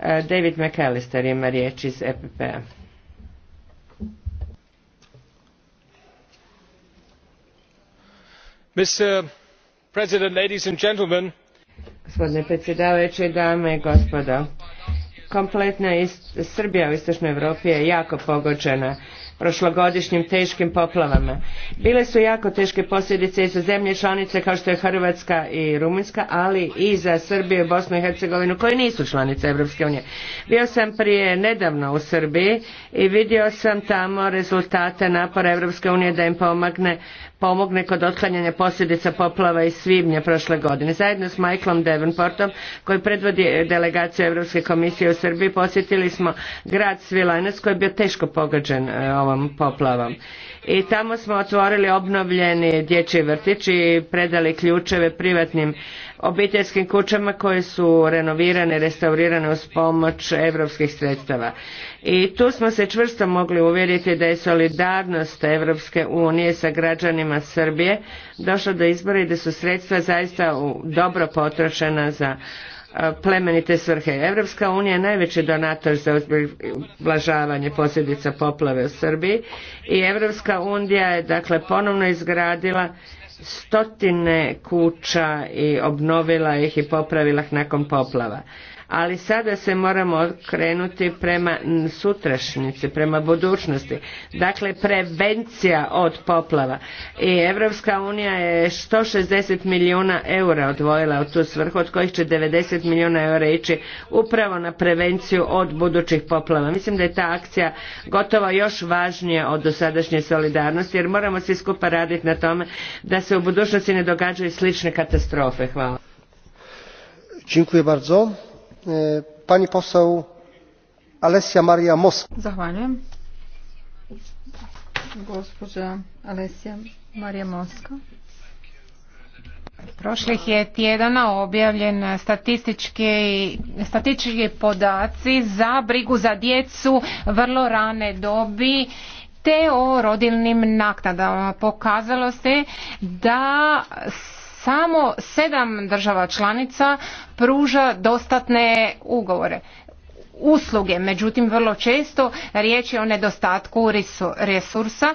E, David McAllister ima riječ iz EPP-a. Mr. President, ladies and gentlemen. Gospodine predsjedavajući, dame i gospodo. Kompletna Srbija u istočnoj Europi je jako pogođena prošlogodišnjim teškim poplavama. Bile su jako teške posljedice i za zemlje članice kao što je Hrvatska i Rumunjska, ali i za Srbiju i Bosnu i Hercegovinu koje nisu članice Europske unije. Bio sam prije nedavno u Srbiji i vidio sam tamo rezultate napora Europske unije da im pomagne pomogne kod otklanjanja posljedica poplava iz svibnja prošle godine. Zajedno s Michaelom Davenportom koji predvodi delegaciju Europske komisije u Srbiji posjetili smo grad Svilanac koji je bio teško pogođen e, ovom poplavom i tamo smo otvorili obnovljeni dječji vrtić i predali ključeve privatnim obiteljskim kućama koje su renovirane, restaurirane uz pomoć europskih sredstava. I tu smo se čvrsto mogli uvjeriti da je solidarnost Evropske unije sa građanima Srbije došla do izbora i da su sredstva zaista dobro potrošena za E, plemenite svrhe. Evropska unija je najveći donator za ublažavanje posljedica poplave u Srbiji i Evropska unija je dakle ponovno izgradila stotine kuća i obnovila ih i popravila ih nakon poplava ali sada se moramo okrenuti prema sutrašnjici, prema budućnosti. Dakle, prevencija od poplava. I Evropska unija je 160 milijuna eura odvojila u tu svrhu, od kojih će 90 milijuna eura ići upravo na prevenciju od budućih poplava. Mislim da je ta akcija gotovo još važnija od dosadašnje solidarnosti, jer moramo svi skupa raditi na tome da se u budućnosti ne događaju slične katastrofe. Hvala. Dziękuję bardzo. E, pani posao Alessia Marija Moska. Zahvaljujem. Alessia Marija Moska. Prošlih je tjedana objavljen statistički, podaci za brigu za djecu vrlo rane dobi te o rodilnim naknadama. Pokazalo se da samo sedam država članica pruža dostatne ugovore usluge međutim vrlo često riječ je o nedostatku resursa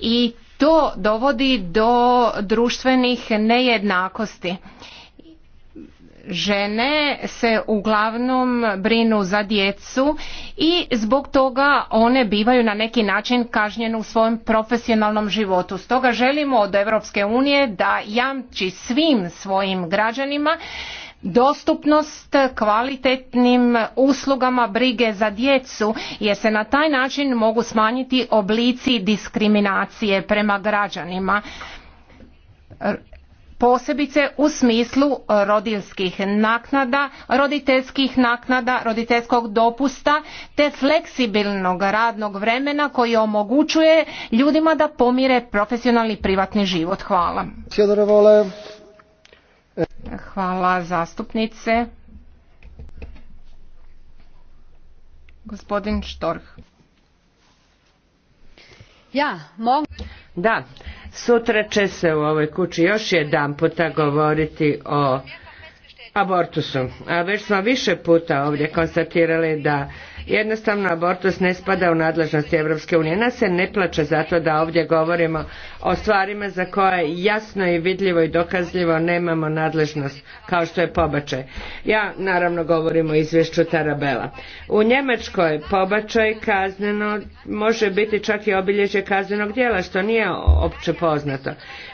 i to dovodi do društvenih nejednakosti žene se uglavnom brinu za djecu i zbog toga one bivaju na neki način kažnjene u svojem profesionalnom životu. Stoga želimo od Europske unije da jamči svim svojim građanima dostupnost kvalitetnim uslugama brige za djecu jer se na taj način mogu smanjiti oblici diskriminacije prema građanima posebice u smislu e, rodiljskih naknada, roditeljskih naknada, roditeljskog dopusta te fleksibilnog radnog vremena koji omogućuje ljudima da pomire profesionalni i privatni život. Hvala. Hvala zastupnice. Gospodin Štorh. Ja, mogu... Da, Sutra će se u ovoj kući još jedan puta govoriti o abortusu. A već smo više puta ovdje konstatirali da Jednostavno abortus ne spada u nadležnost Europske unije. Nas se ne plaća zato da ovdje govorimo o stvarima za koje jasno i vidljivo i dokazljivo nemamo nadležnost kao što je pobačaj. Ja naravno govorim o izvješću Tarabela. U Njemačkoj pobačaj kazneno može biti čak i obilježje kaznenog djela što nije opće poznato.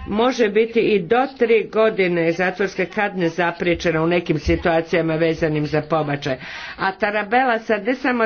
Može biti i do tri godine zatvorske kadne zapriječena u nekim situacijama vezanim za pobačaj. A Tarabela sad ne samo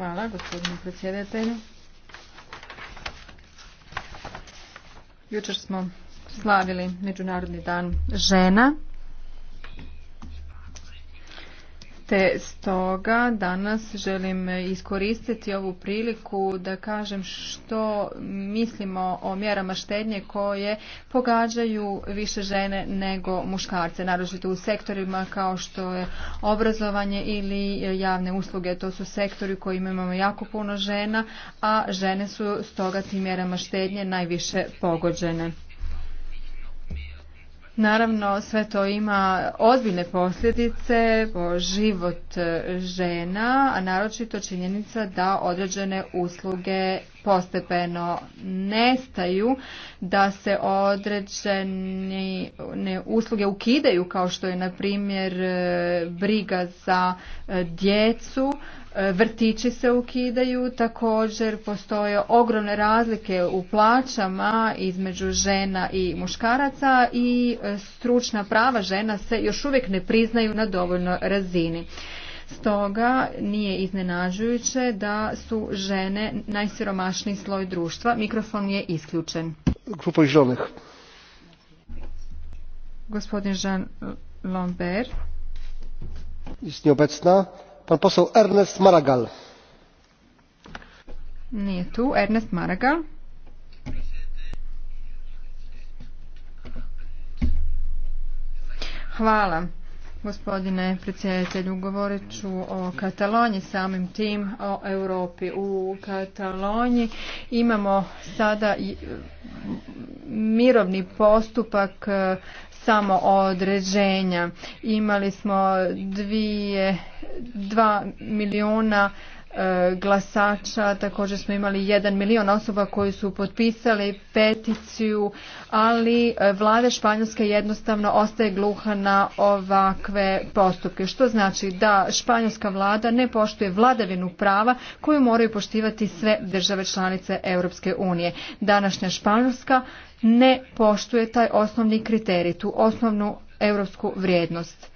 Hvala gospodinu predsjedatelju. Jučer smo slavili Međunarodni dan žena. Te stoga danas želim iskoristiti ovu priliku da kažem što mislimo o mjerama štednje koje pogađaju više žene nego muškarce, naročito u sektorima kao što je obrazovanje ili javne usluge. To su sektori koji imamo jako puno žena, a žene su stoga tim mjerama štednje najviše pogođene. Naravno, sve to ima ozbiljne posljedice po život e, žena, a naročito činjenica da određene usluge postepeno nestaju, da se određene usluge ukidaju kao što je na primjer e, briga za e, djecu, e, vrtići se ukidaju, također postoje ogromne razlike u plaćama između žena i muškaraca i stručna prava žena se još uvijek ne priznaju na dovoljnoj razini. Stoga nije iznenađujuće da su žene najsiromašniji sloj društva. Mikrofon je isključen. Grupa žilnih. Gospodin Jean Lambert. Jest nieobecna. Pan poseł Ernest Maragal. Nije tu. Ernest Maragal. Hvala. Gospodine predsjedatelju, govorit ću o Katalonji, samim tim o Europi. U Katalonji imamo sada e, mirovni postupak e, samo određenja. Imali smo dvije, dva milijuna E, glasača, također smo imali jedan milion osoba koji su potpisali peticiju, ali e, vlada Španjolske jednostavno ostaje gluha na ovakve postupke, što znači da španjolska vlada ne poštuje vladavinu prava koju moraju poštivati sve države članice Europske unije. Današnja Španjolska ne poštuje taj osnovni kriterij, tu osnovnu europsku vrijednost.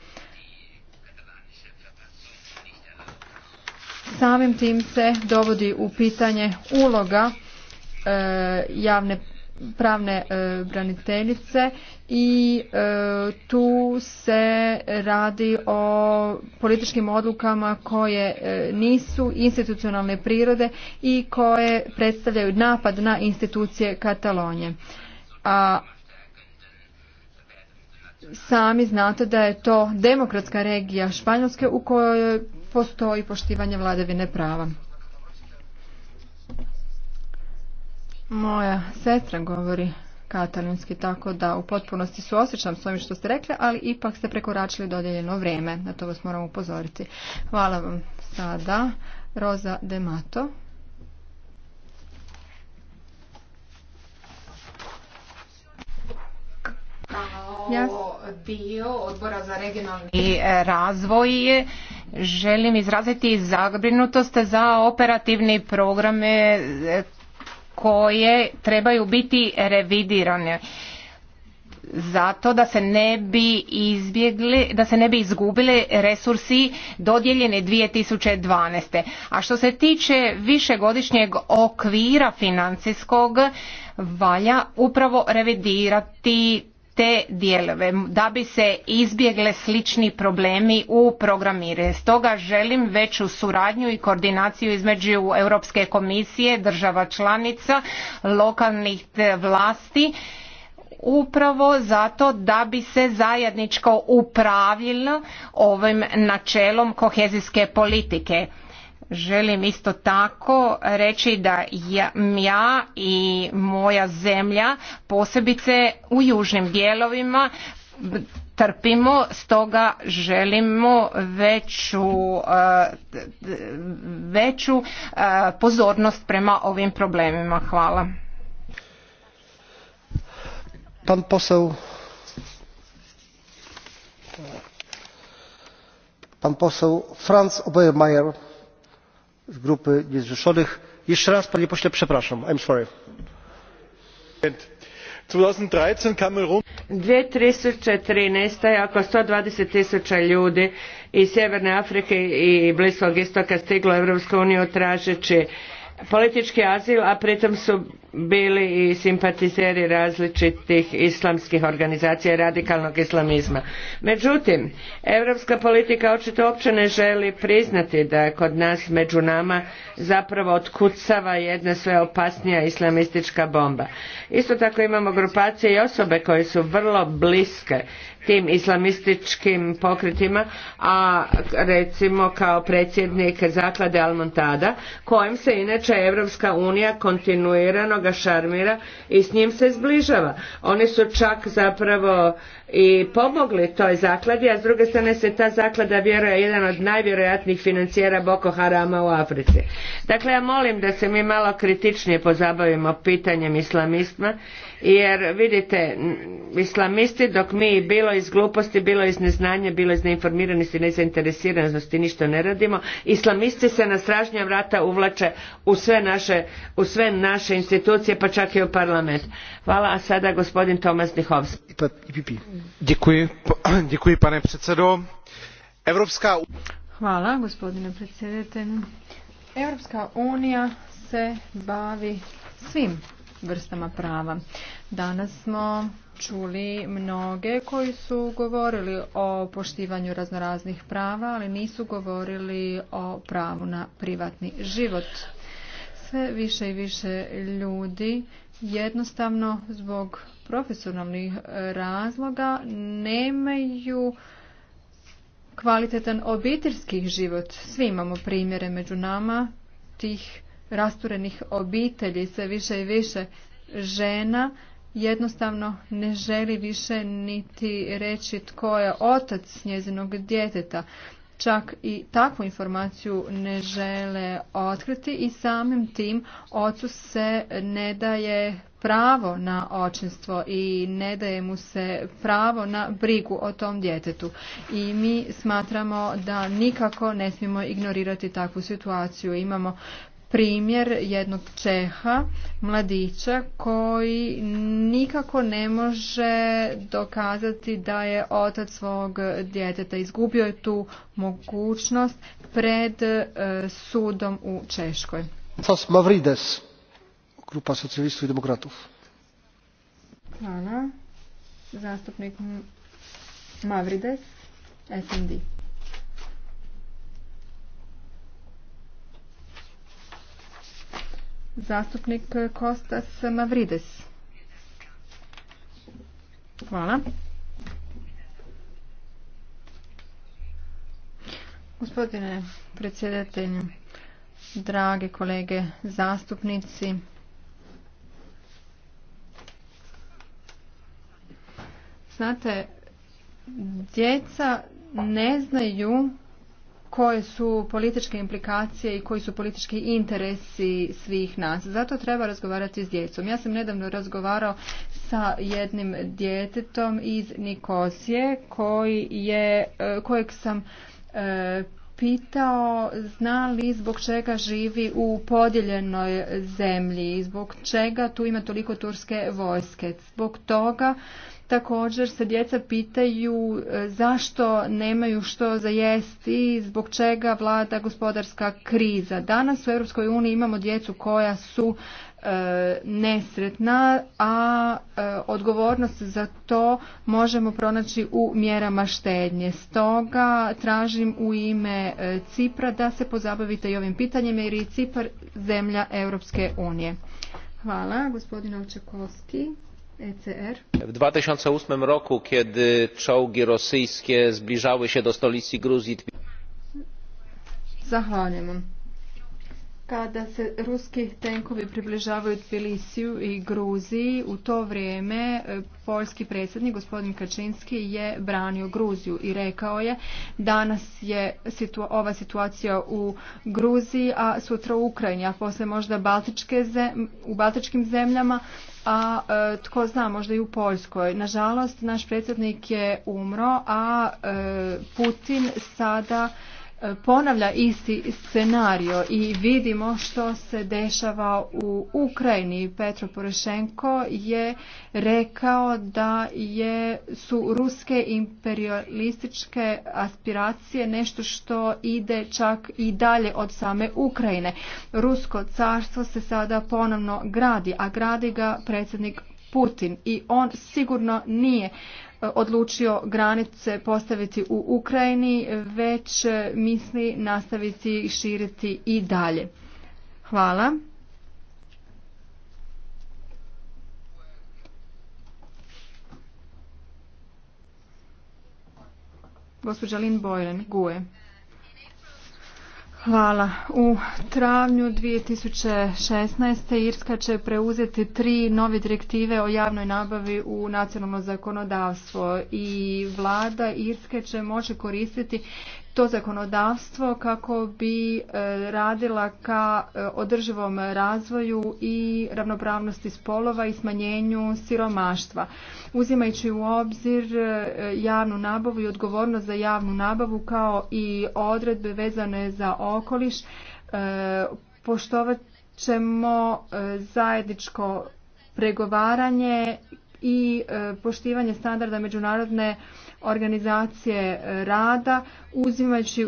samim tim se dovodi u pitanje uloga e, javne pravne e, braniteljice i e, tu se radi o političkim odlukama koje nisu institucionalne prirode i koje predstavljaju napad na institucije Katalonije. A sami znate da je to demokratska regija Španjolske u kojoj postoji poštivanje vladavine prava. Moja sestra govori katalonski, tako da u potpunosti su osjećam s ovim što ste rekli, ali ipak ste prekoračili dodijeljeno vrijeme. Na to vas moram upozoriti. Hvala vam sada. Roza Mato. lipnja dio odbora za regionalni e, razvoj želim izraziti zagrinutost za operativni programe e, koje trebaju biti revidirane zato da se ne bi izbjegli, da se ne bi izgubili resursi dodijeljene 2012. A što se tiče višegodišnjeg okvira financijskog, valja upravo revidirati te dijelove da bi se izbjegle slični problemi u programire. Stoga želim veću suradnju i koordinaciju između Europske komisije, država članica, lokalnih vlasti upravo zato da bi se zajedničko upravljalo ovim načelom kohezijske politike Želim isto tako reći da ja i moja zemlja, posebice u južnim dijelovima, trpimo, stoga želimo veću, eh, veću eh, pozornost prema ovim problemima. Hvala. Pan poseł, pan poseł Franz Obermeier dvije tisuće trinaest ako sto dvadeset tisuća ljudi iz sjeverne afrike i bliskog istoka stiglo u europsku uniju tražeći politički azil, a pritom su bili i simpatizeri različitih islamskih organizacija i radikalnog islamizma. Međutim, europska politika očito uopće ne želi priznati da je kod nas među nama zapravo otkucava jedna sve opasnija islamistička bomba. Isto tako imamo grupacije i osobe koje su vrlo bliske tim islamističkim pokretima, a recimo kao predsjednik zaklade Almontada, kojem se inače Evropska unija kontinuirano ga šarmira i s njim se zbližava. Oni su čak zapravo i pomogli toj zakladi, a s druge strane se ta zaklada vjeruje jedan od najvjerojatnijih financijera Boko Harama u Africi. Dakle, ja molim da se mi malo kritičnije pozabavimo pitanjem islamizma, jer vidite, islamisti dok mi bilo iz gluposti, bilo iz neznanja, bilo iz neinformiranosti, nezainteresiranosti ništa ne radimo, islamisti se na stražnja vrata uvlače u sve naše, u sve naše institucije, pa čak i u parlament. Hvala, a sada gospodin Tomas Dihovski. Hvala, gospodine predsjedatelju. Europska unija se bavi svim vrstama prava. Danas smo čuli mnoge koji su govorili o poštivanju raznoraznih prava, ali nisu govorili o pravu na privatni život. Sve više i više ljudi jednostavno zbog profesionalnih e, razloga nemaju kvalitetan obiteljski život. Svi imamo primjere među nama tih rasturenih obitelji sve više i više žena jednostavno ne želi više niti reći tko je otac njezinog djeteta čak i takvu informaciju ne žele otkriti i samim tim ocu se ne daje pravo na očinstvo i ne daje mu se pravo na brigu o tom djetetu. I mi smatramo da nikako ne smijemo ignorirati takvu situaciju. Imamo primjer jednog Čeha, mladića, koji nikako ne može dokazati da je otac svog djeteta. Izgubio je tu mogućnost pred e, sudom u Češkoj. Mavrides, grupa socijalistu i demokratov. Hvala. Zastupnik Mavrides, SND. Zastupnik Kostas Mavrides. Hvala. Gospodine predsjedatelju, drage kolege zastupnici, znate, djeca ne znaju koje su političke implikacije i koji su politički interesi svih nas. Zato treba razgovarati s djecom. Ja sam nedavno razgovarao sa jednim djetetom iz Nikosije koji je, e, kojeg sam e, pitao zna li zbog čega živi u podijeljenoj zemlji, zbog čega tu ima toliko turske vojske. Zbog toga Također se djeca pitaju e, zašto nemaju što za jesti, zbog čega vlada gospodarska kriza. Danas u Europskoj uniji imamo djecu koja su e, nesretna, a e, odgovornost za to možemo pronaći u mjerama štednje. Stoga tražim u ime Cipra da se pozabavite i ovim pitanjem jer je Cipar zemlja Europske unije. Hvala, gospodin Ovčakovski. ECR. w dwa tysiące osiem roku kiedy czołgi rosyjskie zbliżały się do stolicy gruzji zahvaljujem kada se ruski tenkovi približavaju Tbilisiju i Gruziji, u to vrijeme e, poljski predsjednik gospodin Kačinski je branio Gruziju i rekao je danas je ova situacija u Gruziji, a sutra u Ukrajini, a poslije možda u Baltičkim zemljama, a e, tko zna, možda i u Poljskoj. Nažalost, naš predsjednik je umro, a e, Putin sada ponavlja isti scenario i vidimo što se dešava u Ukrajini. Petro Porošenko je rekao da je, su ruske imperialističke aspiracije nešto što ide čak i dalje od same Ukrajine. Rusko carstvo se sada ponovno gradi, a gradi ga predsjednik Putin i on sigurno nije odlučio granice postaviti u Ukrajini, već misli nastaviti širiti i dalje. Hvala. Gospođa Lynn Boylan, GUE. Hvala. U travnju 2016. Irska će preuzeti tri nove direktive o javnoj nabavi u nacionalno zakonodavstvo i vlada Irske će moći koristiti to zakonodavstvo kako bi e, radila ka e, održivom razvoju i ravnopravnosti spolova i smanjenju siromaštva. Uzimajući u obzir e, javnu nabavu i odgovornost za javnu nabavu kao i odredbe vezane za okoliš, poštovat ćemo zajedničko pregovaranje i poštivanje standarda međunarodne organizacije e, rada uzimajući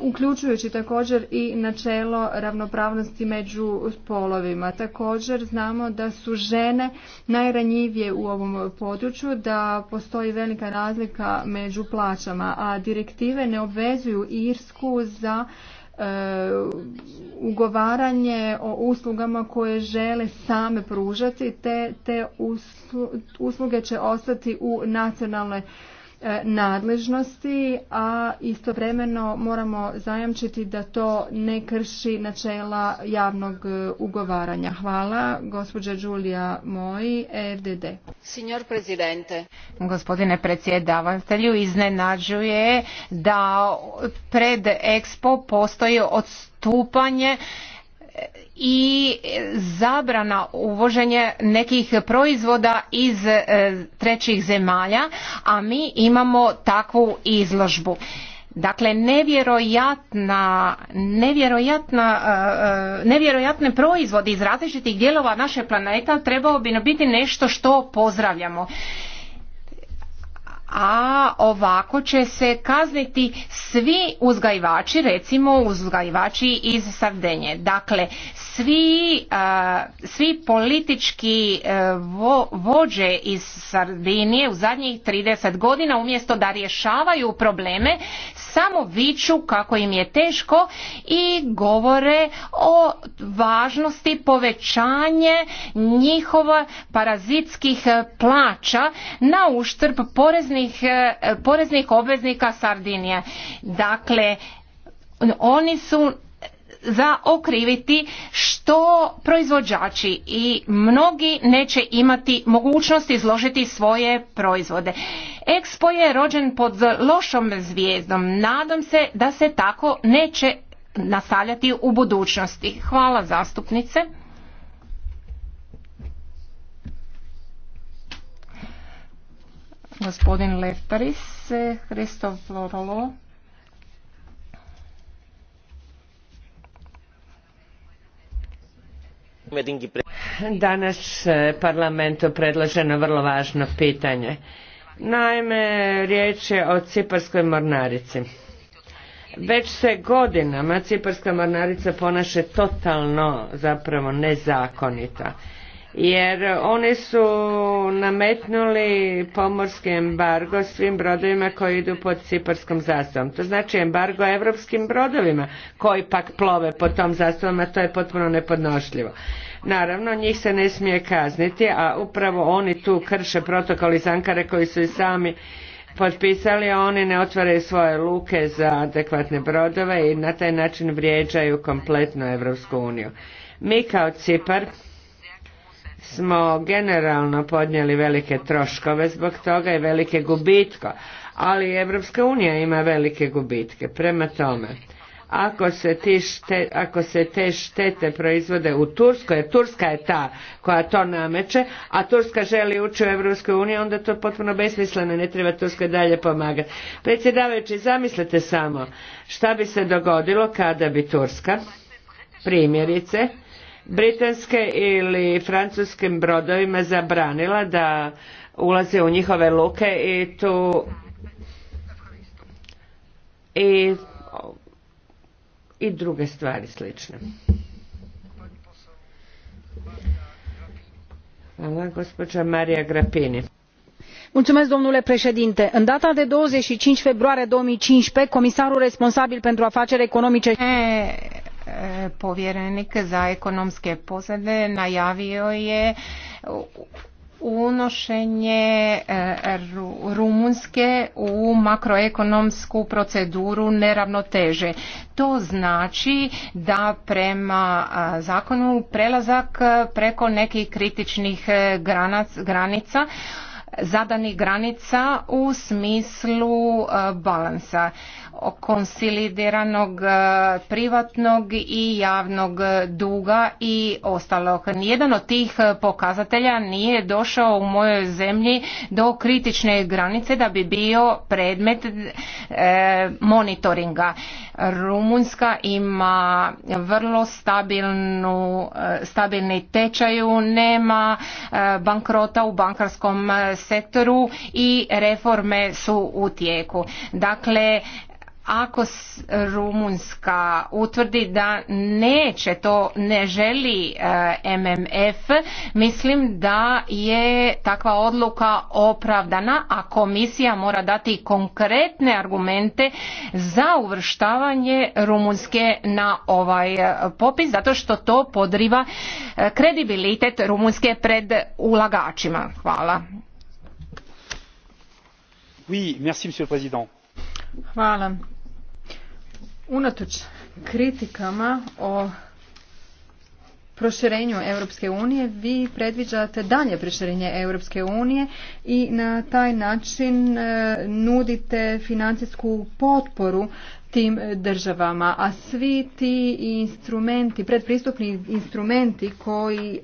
uključujući također i načelo ravnopravnosti među polovima. Također znamo da su žene najranjivije u ovom području, da postoji velika razlika među plaćama, a direktive ne obvezuju Irsku za e, ugovaranje o uslugama koje žele same pružati, te, te usluge će ostati u nacionalnoj E, nadležnosti, a istovremeno moramo zajamčiti da to ne krši načela javnog e, ugovaranja. Hvala, gospođa Đulija Moji, e FDD. Signor Presidente. Gospodine predsjedavatelju, iznenađuje da pred EXPO postoji odstupanje i zabrana uvoženje nekih proizvoda iz e, trećih zemalja, a mi imamo takvu izložbu. Dakle, nevjerojatna, e, e, nevjerojatne proizvode iz različitih dijelova naše planeta trebao bi biti nešto što pozdravljamo a ovako će se kazniti svi uzgajivači, recimo uzgajivači iz Sardenje. Dakle, svi, e, svi politički e, vođe iz Sardinije u zadnjih 30 godina umjesto da rješavaju probleme samo viču kako im je teško i govore o važnosti povećanje njihova parazitskih plaća na uštrb poreznih poreznih, e, poreznih obveznika Sardinije. Dakle, oni su za okriviti što proizvođači i mnogi neće imati mogućnost izložiti svoje proizvode. Expo je rođen pod lošom zvijezdom. Nadam se da se tako neće nastavljati u budućnosti. Hvala zastupnice. gospodin Leftaris, Hristof Florolo. Danas e, parlamentu predloženo vrlo važno pitanje. Naime, riječ je o ciparskoj mornarici. Već se godinama ciparska mornarica ponaše totalno zapravo nezakonita jer oni su nametnuli pomorski embargo svim brodovima koji idu pod ciparskom zastavom. To znači embargo evropskim brodovima koji pak plove pod tom zastavom, a to je potpuno nepodnošljivo. Naravno, njih se ne smije kazniti, a upravo oni tu krše protokol iz Ankare koji su i sami potpisali, a oni ne otvaraju svoje luke za adekvatne brodove i na taj način vrijeđaju kompletno Evropsku uniju. Mi kao Cipar smo generalno podnijeli velike troškove zbog toga i velike gubitko, ali Evropska unija ima velike gubitke. Prema tome, ako se, ti ako se te štete proizvode u Turskoj, jer Turska je ta koja to nameće, a Turska želi ući u Evropskoj uniju, onda to potpuno besmisleno, ne treba Turskoj dalje pomagati. Predsjedavajući, zamislite samo šta bi se dogodilo kada bi Turska, primjerice, britanske ili francuskim brodovima zabranila da ulaze u njihove luke i tu i, druge stvari slične. Hvala, gospođa Marija Grapini. Mulțumesc, domnule președinte. În data de 25 februarie 2015, comisarul responsabil pentru afaceri economice... Eh, povjerenik za ekonomske posade najavio je unošenje e, Rumunske u makroekonomsku proceduru neravnoteže. To znači da prema zakonu prelazak preko nekih kritičnih e, granica zadanih granica u smislu e, balansa konsolidiranog e, privatnog i javnog duga i ostalog. Nijedan od tih pokazatelja nije došao u mojoj zemlji do kritične granice da bi bio predmet e, monitoringa. Rumunjska ima vrlo stabilnu, stabilni tečaju, nema bankrota u bankarskom sektoru i reforme su u tijeku. Dakle, ako Rumunska utvrdi da neće to, ne želi eh, MMF, mislim da je takva odluka opravdana, a komisija mora dati konkretne argumente za uvrštavanje Rumunske na ovaj eh, popis, zato što to podriva eh, kredibilitet Rumunske pred ulagačima. Hvala gospodine merci, Unatoč kritikama o proširenju Europske unije vi predviđate daljnje proširenje Europske unije i na taj način e, nudite financijsku potporu tim državama. A svi ti instrumenti, predpristupni instrumenti koji e,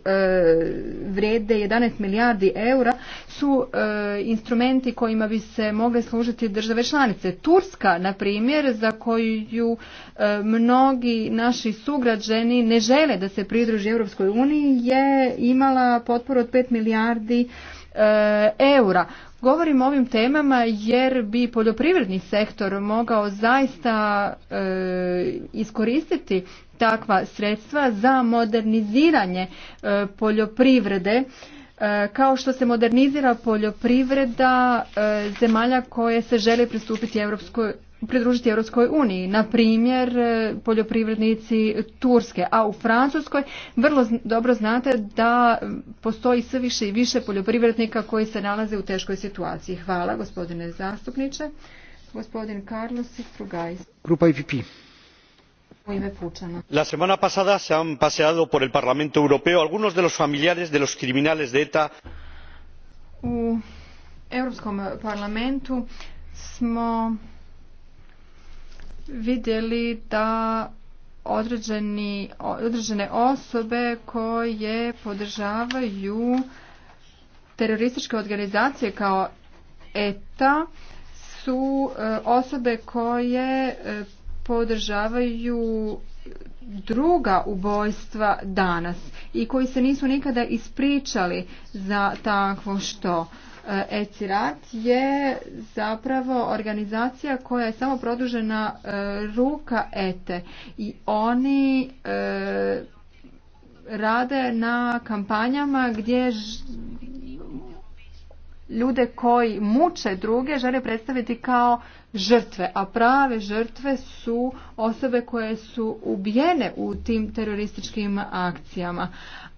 vrede 11 milijardi eura su e, instrumenti kojima bi se mogle služiti države članice. Turska, na primjer, za koju e, mnogi naši sugrađani ne žele da se pridruži Europskoj uniji je imala potporu od 5 milijardi e, eura. Govorim o ovim temama jer bi poljoprivredni sektor mogao zaista e, iskoristiti takva sredstva za moderniziranje e, poljoprivrede e, kao što se modernizira poljoprivreda zemalja koje se žele pristupiti Europskoj pridružiti Europskoj uniji. Na primjer, e, poljoprivrednici Turske, a u Francuskoj vrlo dobro znate da postoji sve više i više poljoprivrednika koji se nalaze u teškoj situaciji. Hvala, gospodine zastupniče. Gospodin Carlos Istrugajs. Grupa IPP. U ime La semana pasada se han paseado por el Parlamento Europeo algunos de los familiares de los criminales de ETA. U Europskom parlamentu smo vidjeli da određeni, određene osobe koje podržavaju terorističke organizacije kao ETA su e, osobe koje e, podržavaju druga ubojstva danas i koji se nisu nikada ispričali za takvo što E, ECIRAT je zapravo organizacija koja je samo produžena e, ruka ETE i oni e, rade na kampanjama gdje ljude koji muče druge žele predstaviti kao žrtve, a prave žrtve su osobe koje su ubijene u tim terorističkim akcijama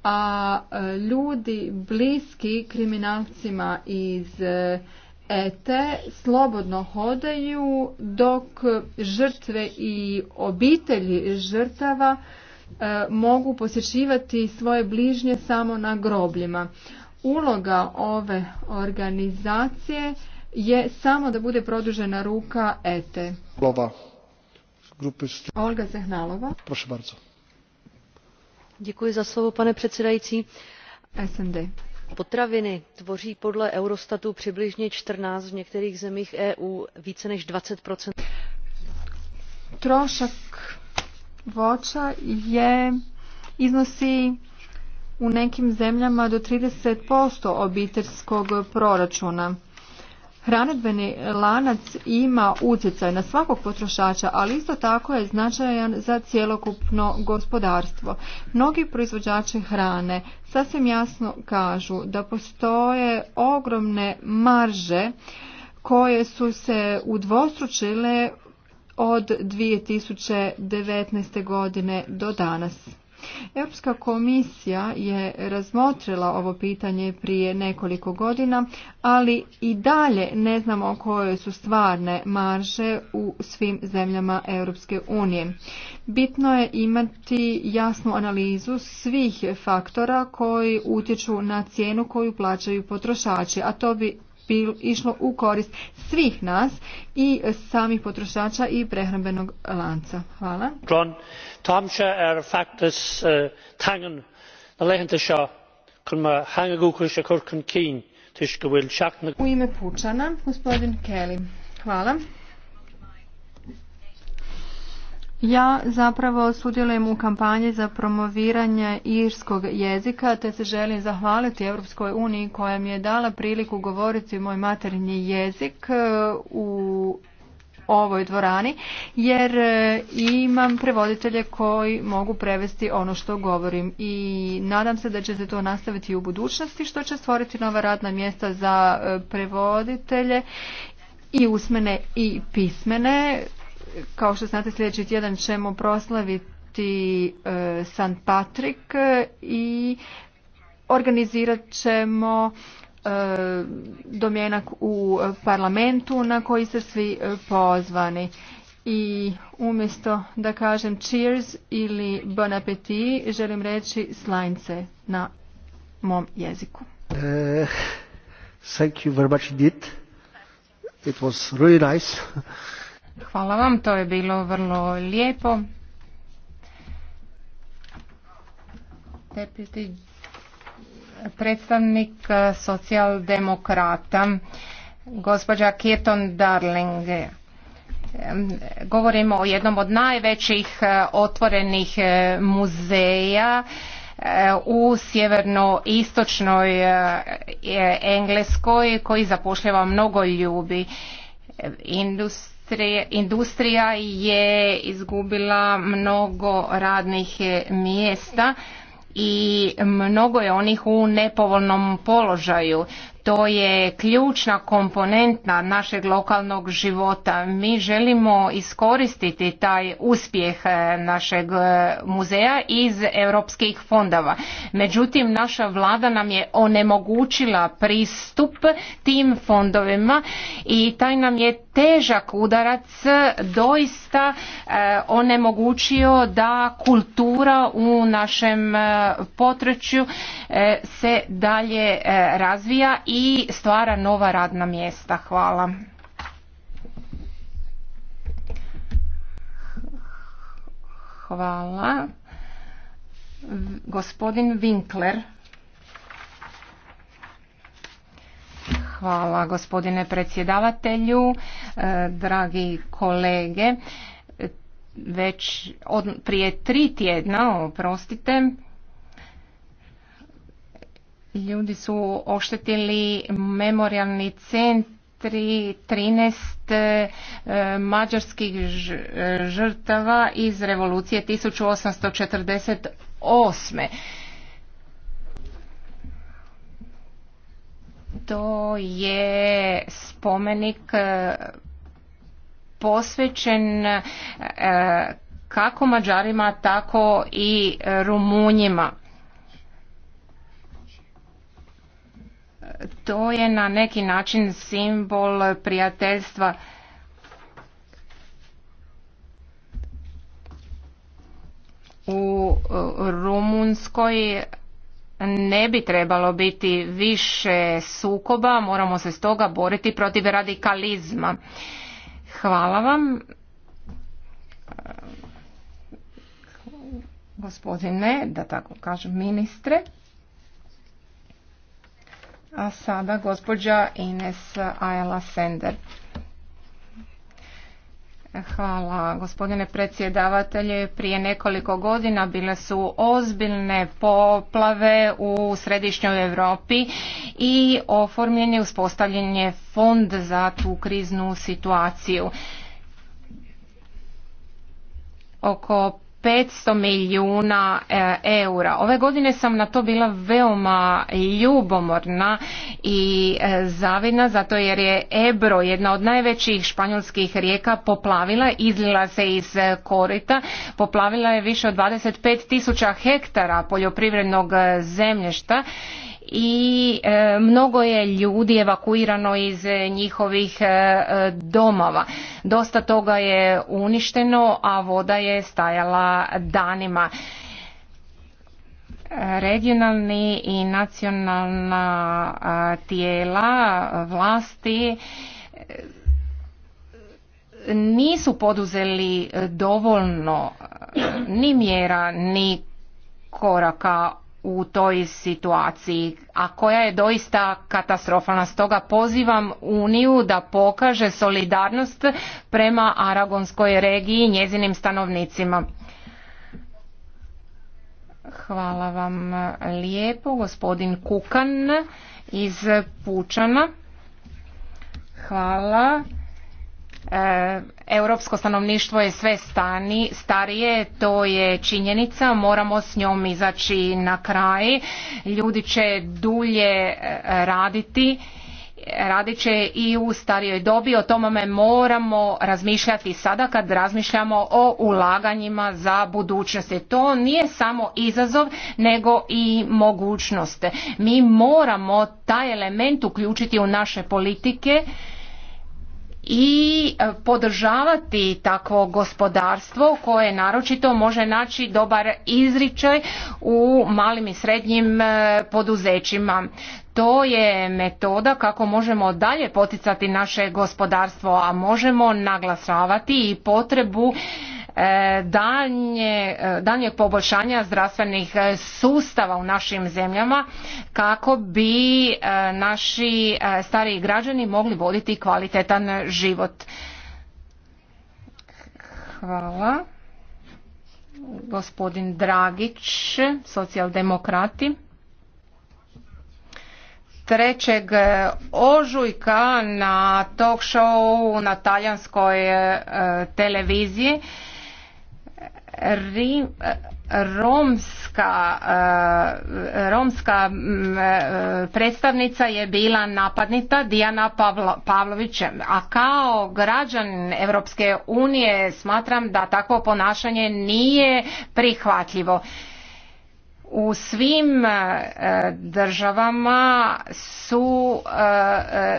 a e, ljudi bliski kriminalcima iz ete e slobodno hodaju dok žrtve i obitelji žrtava e, mogu posjećivati svoje bližnje samo na grobljima. Uloga ove organizacije je samo da bude produžena ruka ETE. Olga Zehnalova. Prošu bardzo. Slovo, pane předsedající potraviny tvoří podle eurostatu přibližně 14, v některých zemích eu více než 20%. trošak voča je iznosi u nekim zemljama do 30% obiteljskog proračuna Hranodbeni lanac ima utjecaj na svakog potrošača, ali isto tako je značajan za cjelokupno gospodarstvo. Mnogi proizvođači hrane sasvim jasno kažu da postoje ogromne marže koje su se udvostručile od 2019. godine do danas. Europska komisija je razmotrila ovo pitanje prije nekoliko godina, ali i dalje ne znamo koje su stvarne marže u svim zemljama Europske unije. Bitno je imati jasnu analizu svih faktora koji utječu na cijenu koju plaćaju potrošači, a to bi išlo u korist svih nas i samih potrošača i prehrambenog lanca. Hvala. U ime Pučana, gospodin Kelly. Hvala. Ja zapravo sudjelujem u kampanji za promoviranje irskog jezika te se želim zahvaliti Europskoj uniji koja mi je dala priliku govoriti moj materinji jezik e, u ovoj dvorani jer e, imam prevoditelje koji mogu prevesti ono što govorim i nadam se da će se to nastaviti u budućnosti što će stvoriti nova radna mjesta za e, prevoditelje i usmene i pismene kao što znate, sljedeći tjedan ćemo proslaviti e, San Patrick i organizirat ćemo e, domjenak u parlamentu na koji se svi e, pozvani. I umjesto da kažem cheers ili bon appetit, želim reći slajnce na mom jeziku. thank you It was really nice. Hvala vam, to je bilo vrlo lijepo. predstavnik socijaldemokrata, gospođa Kirton Darling. Govorimo o jednom od najvećih e, otvorenih e, muzeja e, u sjeverno-istočnoj Engleskoj koji zapošljava mnogo ljubi. Industri industrija je izgubila mnogo radnih e, mjesta i mnogo je onih u nepovoljnom položaju to je ključna komponenta našeg lokalnog života. Mi želimo iskoristiti taj uspjeh e, našeg e, muzeja iz europskih fondova. Međutim, naša vlada nam je onemogućila pristup tim fondovima i taj nam je težak udarac doista e, onemogućio da kultura u našem potreću se dalje razvija i stvara nova radna mjesta. Hvala. Hvala. Gospodin Winkler. Hvala gospodine predsjedavatelju, e, dragi kolege. Već prije tri tjedna, oprostite, Ljudi su oštetili memorialni centri 13 e, mađarskih e, žrtava iz revolucije 1848. To je spomenik e, posvećen kako Mađarima, tako i Rumunjima. To je na neki način simbol prijateljstva. U Rumunskoj ne bi trebalo biti više sukoba, moramo se stoga boriti protiv radikalizma. Hvala vam. Gospodine, da tako kažem, ministre. A sada gospođa Ines Ajala Sender. Hvala gospodine predsjedavatelje. Prije nekoliko godina bile su ozbiljne poplave u središnjoj Europi i oformljen je uspostavljen je fond za tu kriznu situaciju. Oko 500 milijuna e, eura. Ove godine sam na to bila veoma ljubomorna i e, zavidna zato jer je Ebro jedna od najvećih španjolskih rijeka poplavila, izlila se iz e, korita, poplavila je više od 25 tisuća hektara poljoprivrednog zemljišta i e, mnogo je ljudi evakuirano iz e, njihovih e, domova. Dosta toga je uništeno, a voda je stajala danima. Regionalni i nacionalna tijela vlasti nisu poduzeli dovoljno ni mjera ni koraka u toj situaciji, a koja je doista katastrofalna. Stoga pozivam Uniju da pokaže solidarnost prema Aragonskoj regiji i njezinim stanovnicima. Hvala vam lijepo, gospodin Kukan iz Pučana. Hvala. E, europsko stanovništvo je sve stani, starije, to je činjenica, moramo s njom izaći na kraj. Ljudi će dulje e, raditi, radit će i u starijoj dobi, o tome moramo razmišljati sada kad razmišljamo o ulaganjima za budućnost. To nije samo izazov, nego i mogućnost. Mi moramo taj element uključiti u naše politike i e, podržavati takvo gospodarstvo koje naročito može naći dobar izričaj u malim i srednjim e, poduzećima. To je metoda kako možemo dalje poticati naše gospodarstvo, a možemo naglasavati i potrebu E, daljnje, e, daljnjeg poboljšanja zdravstvenih e, sustava u našim zemljama kako bi naši stariji građani mogli voditi kvalitetan život. Hvala. Gospodin Dragić, socijaldemokrati. Trećeg ožujka na talk show na talijanskoj televiziji romska, eh, romska mm, eh, predstavnica je bila napadnita Dijana Pavlovićem, a kao građan Europske unije smatram da takvo ponašanje nije prihvatljivo. U svim eh, državama su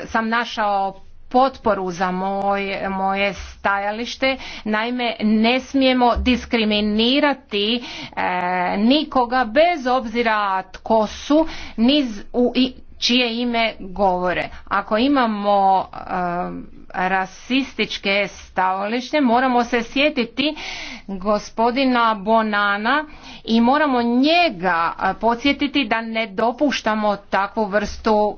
sam našao potporu za moje stajalište. Naime, ne smijemo diskriminirati e, nikoga bez obzira tko su ni u čije ime govore. Ako imamo e, rasističke stajalište moramo se sjetiti gospodina Bonana i moramo njega e, podsjetiti da ne dopuštamo takvu vrstu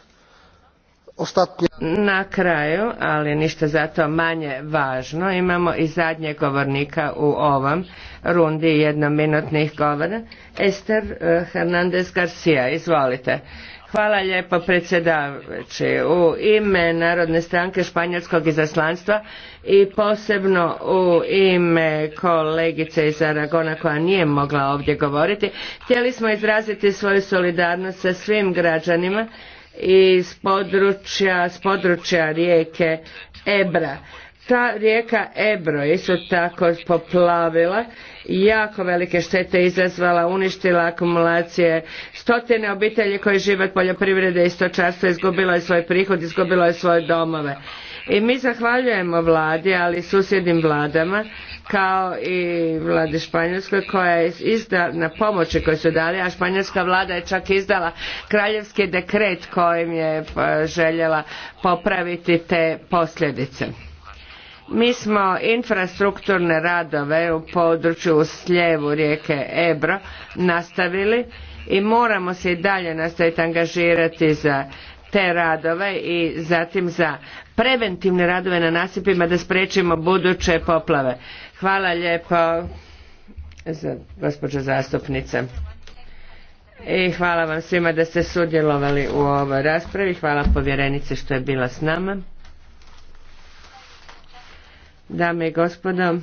Na kraju, ali ništa zato manje važno, imamo i zadnje govornika u ovom rundi jednominutnih govora. Ester eh, Hernandez Garcia, izvolite. Hvala lijepo predsjedavajući. U ime Narodne stranke Španjolskog izaslanstva i posebno u ime kolegice iz Aragona koja nije mogla ovdje govoriti, htjeli smo izraziti svoju solidarnost sa svim građanima iz područja, s područja rijeke Ebra. Ta rijeka Ebro isto tako poplavila, jako velike štete izazvala, uništila akumulacije, stotine obitelji koji žive od poljoprivrede i stočarstva izgubilo je svoj prihod, izgubilo je svoje domove. I mi zahvaljujemo vladi, ali i susjednim vladama kao i vladi Španjolskoj koja je izdala na pomoći koje su dali, a španjolska vlada je čak izdala kraljevski dekret kojim je eh, željela popraviti te posljedice. Mi smo infrastrukturne radove u području sljevu rijeke Ebro nastavili i moramo se i dalje nastaviti angažirati za te radove i zatim za preventivne radove na nasipima da spriječimo buduće poplave. Hvala lijepo gospođo zastupnice. I hvala vam svima da ste sudjelovali u ovoj raspravi. Hvala povjerenici što je bila s nama. Dame i gospodo,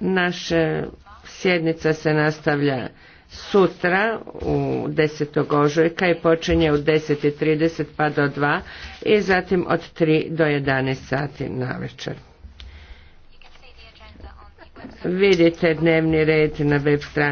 naša sjednica se nastavlja sutra u 10. ožujka i počinje u 10.30 pa do 2 i zatim od 3 do 11 sati na večer. Vidite dnevni red na web stranici.